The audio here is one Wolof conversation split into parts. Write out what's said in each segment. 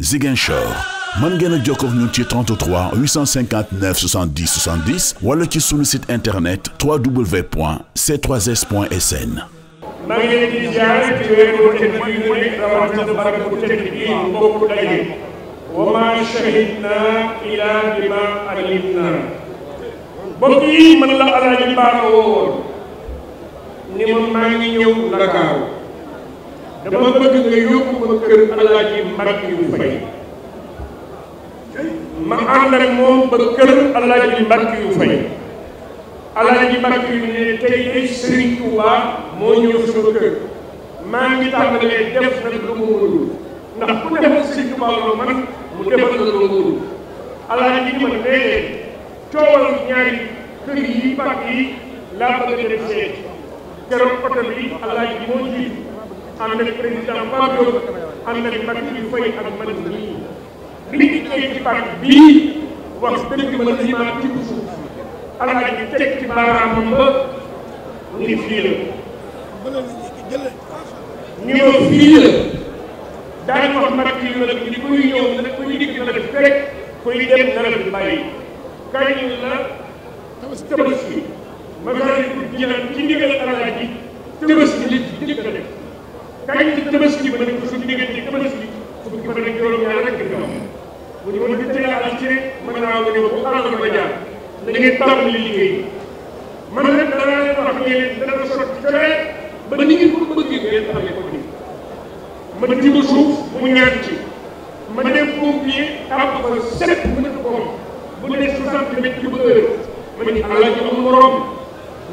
Ziguinchor mën ngeen a jokkoo ak ñun ci 33 859 70 wala ci sunu site internet www.c3s.sn. maa ngi di ziare ci wéru tëdd bi mu nekk rawatina barab bu tëdd bi mbokk daje. wa maa shahidna illaa bimaa alimna. mbokk yi man la Alaaji Baara woowoon. ni ma maa ngi ñëw Ndakaaru. dama bëgg nga yóbbu ma kër Alaaji Mbackiou Faye ma ànd ak moom ba kër Alaaji Mbackiou Faye Alaaji Mbackiou ne tey ay Serigne Touba moo ñëw sama kër maa ngi tàmbalee def nag lu mu mënul ndax ku defal Serigne Touba loo man mu defal la loo mënul Alaaji ni ma nee coowal ñaari kër yi pàkk yi laa bëgg a def seet keroog oto bi Alaaji moo jiitu ànd ak président Pape Diop ànd ak Mbacke Faye ak man mii li ñu koy ci parti bii wax dëgg man li ma tibb suuf alaaji teg ci baaraamam ba ni fii la ñu fii la daañu wax Mbacke yu nag ni kuy ñëw nag kuy dikk nag fekk kuy dem na la bàyyi kañ la tabaski ma faral di jëlaat ci ndigal alaaji tabaski li ci dikk def kañ ci tabaski ba nekk suñu diggante tabaski fukki fan ak juróom-ñaar rek nga am bu ñu a tëjee àll ci rek mën naa ko ne bu àll ba jaar da ngeen tàmbali liggéey man nag danaa leen wax ne leen dana sotti cawee ba ni ngeen ko ma tiba suuf mu ñaan ci ma def pompier tàbb ko sept mètres bomb bu dee soixante mètres cube heure ma ni àll ji amul morom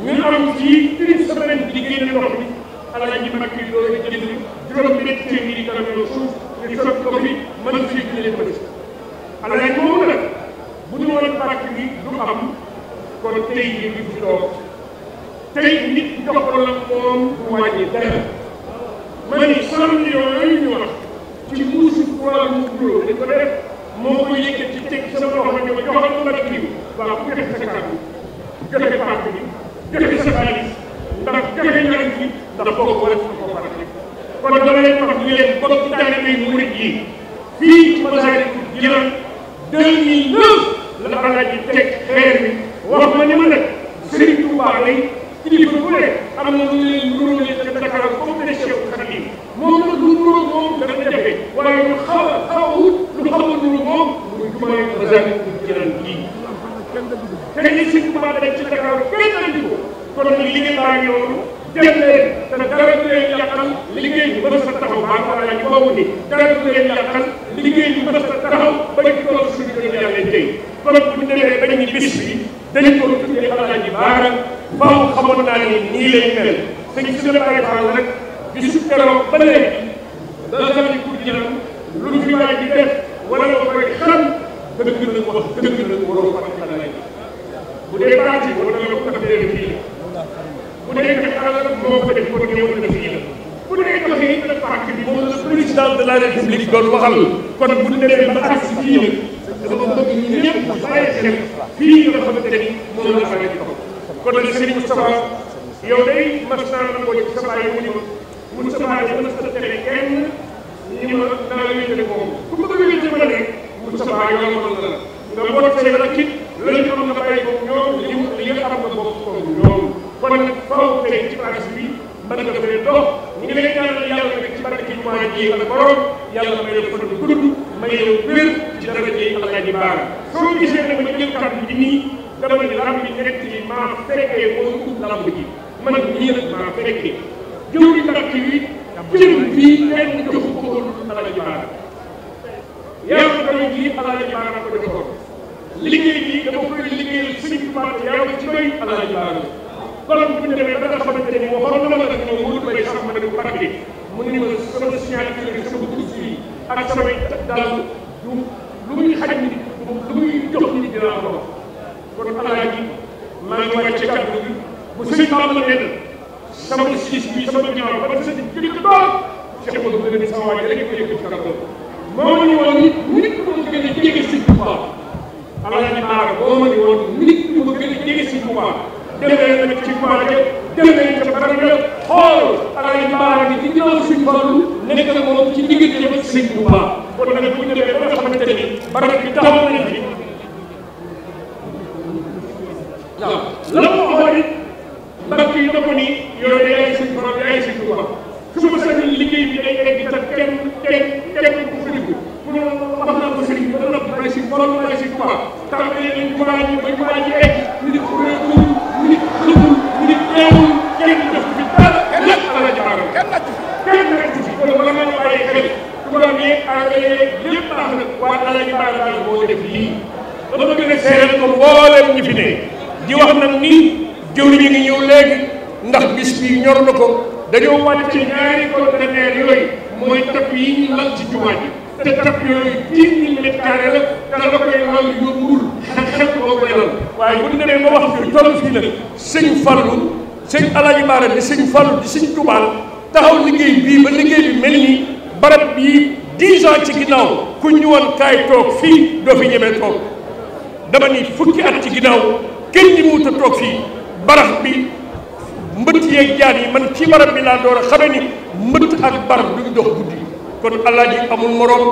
ñu am ci une semaine di génne ndox alal ji mag yi loolu la jënd juróom-ñetti téeméer yi dara suuf di fekk ko fi mën si dina leen bëri alal ji moom nag bu ñu woon pàcc bi du am kon tey ñu ngi fi toog tey nit jox la moom du wàññi dara ma ni cent millions yooyu ñu wax ci muusi trois mu guloo dañ ko def moo ko yëkkati ci teg sama loxo ñu ko joxal nag bi waaw ku joxe sa kàddu joxe pàcc bi joxe sa xaalis ndax joxe ndax boobu war a ko war a kon dama leen wax ñu leen bokk taalibe murit yi fii ci Massalikul Jinaan 2009 la Alaaji teg xeer bi wax ma ne ma nag Serigne Touba lay kilifa bu ne am na lu leen taxaw maa ngi wax ñu boobu ni dara du leen yàqal liggéey bi mës a taxaw ba ñu toog suñu dañu yàlla tey kon bu ñu demee ba ñu bis bi dañu ko tuddee alaaji baara faaw xamoon naa ni nii lay mel sëñ si la pare faal nag bisu keroog ba léegi dana xam ni ku jëlam lu fi waay di def wala ba koy xam dëgg la wax dëgg la waroo fàtte alaaji bu dee parti wala nga ko tax fii bu dee kat alal moo ko def kon ñëw na fii la moom la président de la république doon waxal kon bu ñu demee ba àgg si fii nag dafa bëgg ñu ñëpp bàyyi xel fii nga xamante ni moom la xamee ko kon nag Serigne Moustapha yow day mas naa la ko ci sa bàyyi mu ni ma Moustapha di mën a tere kenn ñi ma naa wéetale moom ku ko wéetale ma ne Moustapha yow mën na la nga boot say rakkit lañu xam nga bàyyi ko ñoom li mu li nga xam nga bopp ko ñoom kon nag faw tey ci place bi mën nga fee dox ñu ngi lay ñaanal yàlla barke jumaa ji ak borom yàlla may def fan bu gudd may ci dara ji Alaaji Baara soo gisee ne ma jël kàddu ji nii dama ne lamb bi nekk ci maa fekkee mooy ji man nii maa fekkee jëw li tax ci cër bii kenn joxu ko woon Alaaji ji Alaaji Baara ko defoon liggéey bi dama koy liggéeyal sëñ Tuubaa yàlla ci doy demee ba nga xamante ne moo xool la ma def ñoom mu ni ma sama signature sama dugg ak samay dal du lu muy xaj nit lu muy jox nit dinaa ko wax kon alaaji maa ngi wàcce kàddu gi bu sëñ Bamba nee na sama siis bi sama ginnaaw ba sa di jëkk dool Cheikh Modou Gëni sama waaj rek ko yëkkati kàddu moo ma ni woon nit nit bu ma gën a jege si Touba alaaji Maara moo ma ni woon nit bu ma gën a jege si Touba demee na ci Touba dem nañ ca barab xool alay baara bi di ginnaaw suñu Fallu nekk ak moom ci diggante ba sëñ bu baax kon nag bu ñu demee ba nga xamante ni barab bi taxaw nañ fi ma sañoon liggéey bi day egg te kenn kenn kenn ku firigu bu ñu wax naa ko sëriñ bi da noppi ay sëñ borom ay sëñ bu baax tàmbalee nañ ko waa ji bañ waa ji egg minute bu réew minute xëppul alal lépp baax na waaye alal yi baax na boo def lii ba ma gën a seeral ko mbooleem ñi fi ne di wax nag ni jëwriñ ñu ngi ñëw léegi ndax bis bi ñor na ko dañoo wàcce ñaari conteneur yooyu mooy tap yi ñu lal ci jumaa ji te tap yooyu dix mille mètres carré la te la koy lal yombul xel xel boo koy lal waaye bu ñu demee ba wax fi toll fii nag sëñ Fallou sëñ Alaaji Baara di sëñ Fallou di sëñ Tuubaa taxaw liggéey bii ba liggéey bi mel nii barab bii dix ans ci ginnaaw ku ñu woon kaay toog fii doo fi ñemee toog dama ni fukki at ci ginnaaw kenn ñi wut a toog fii barax bi mbëtt yeeg jaan yi man ci barab bi laa door a xamee ni mbëtt ak barax duñ dox guddi kon alaaji amul morom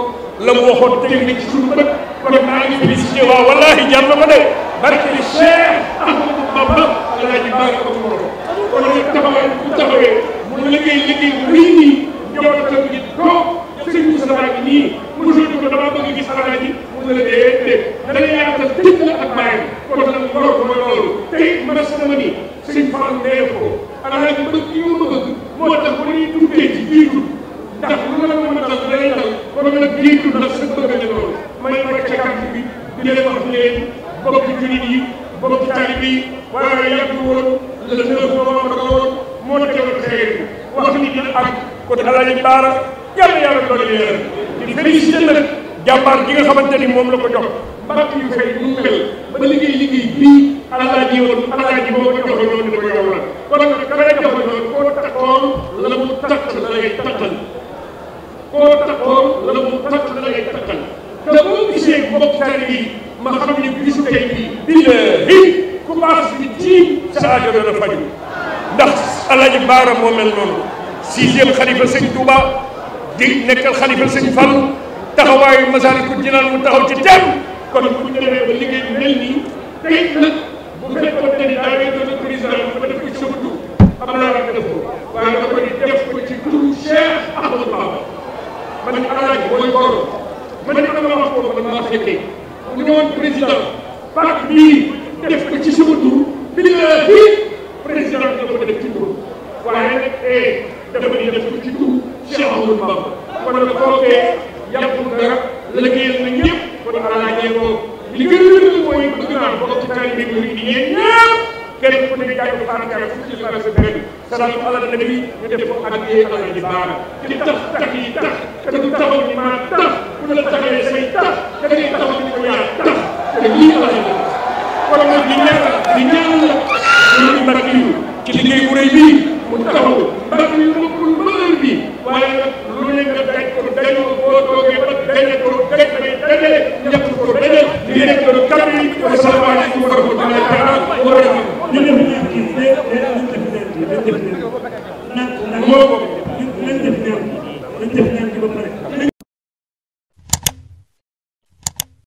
la mu waxoon tey ni ci suñu bët kon de barke li Cheikh Ahmadou Bamba alaaji maa mu liggéey liggéey bu rëy ñuy tudd nag suñu bëgg la loolu may nekk ca kàddu bi di leen wax leen bokk jullit yi bokk taalibe yi waaye yàgg woon le neuf novembre la woon moo teewal xeer wax ni dina am kon Alaaji Baara yàlla yàlla doole leeral di félicité nag jàmbaar gi nga xamante ni moom la ko jox mbàkk yu fay nu mel ba liggéey liggéey bii Alaaji woon Alaaji boo ko joxee noonu ni ko yow la kon nag ka la joxe noonu koo taxoon la mu takk la lay takkal koo takkoon la mu takk la ngay takkal te boo gisee mbokk tari bi ma xam ne bisu tey bi billahi ku paas bi ci sa aajo dana faju ndax alaji baara moo mel noonu sixième xalifa sëñ Touba di nekkal xalifa sëñ Fall taxawaayu Masaalikul Jinaan mu taxaw ci teem kon bu ñu demee ba liggéey bi mooy borom man it ma wax ko man maa fekkee mu ne woon président pàcc bii def ko ci bi la fii président dafa ko def ci tur waaye nag eh dafa di def ko ci tur Cheikh Ahmadou Bamba kon nag kookee yàqul dara liggéeyal na ñëpp kon alaajee ko li gën a gën mooy bëgg naa bokk ci taalibe bi yéen ñëpp kenn ku ne jàpp ci salaatu ala nabi ñu def ko addiyee alal ji baara di tax tax yi tax te du taxaw ni maa tax bu la taxawee say tax da ngay taxaw ni ko yaa tax te lii alal ji wala nag di ñaan di ñaan la ñu mbakk yu ci liggéey bu rëy bii mu taxaw mbakk yu bokkul mënal bi waaye nag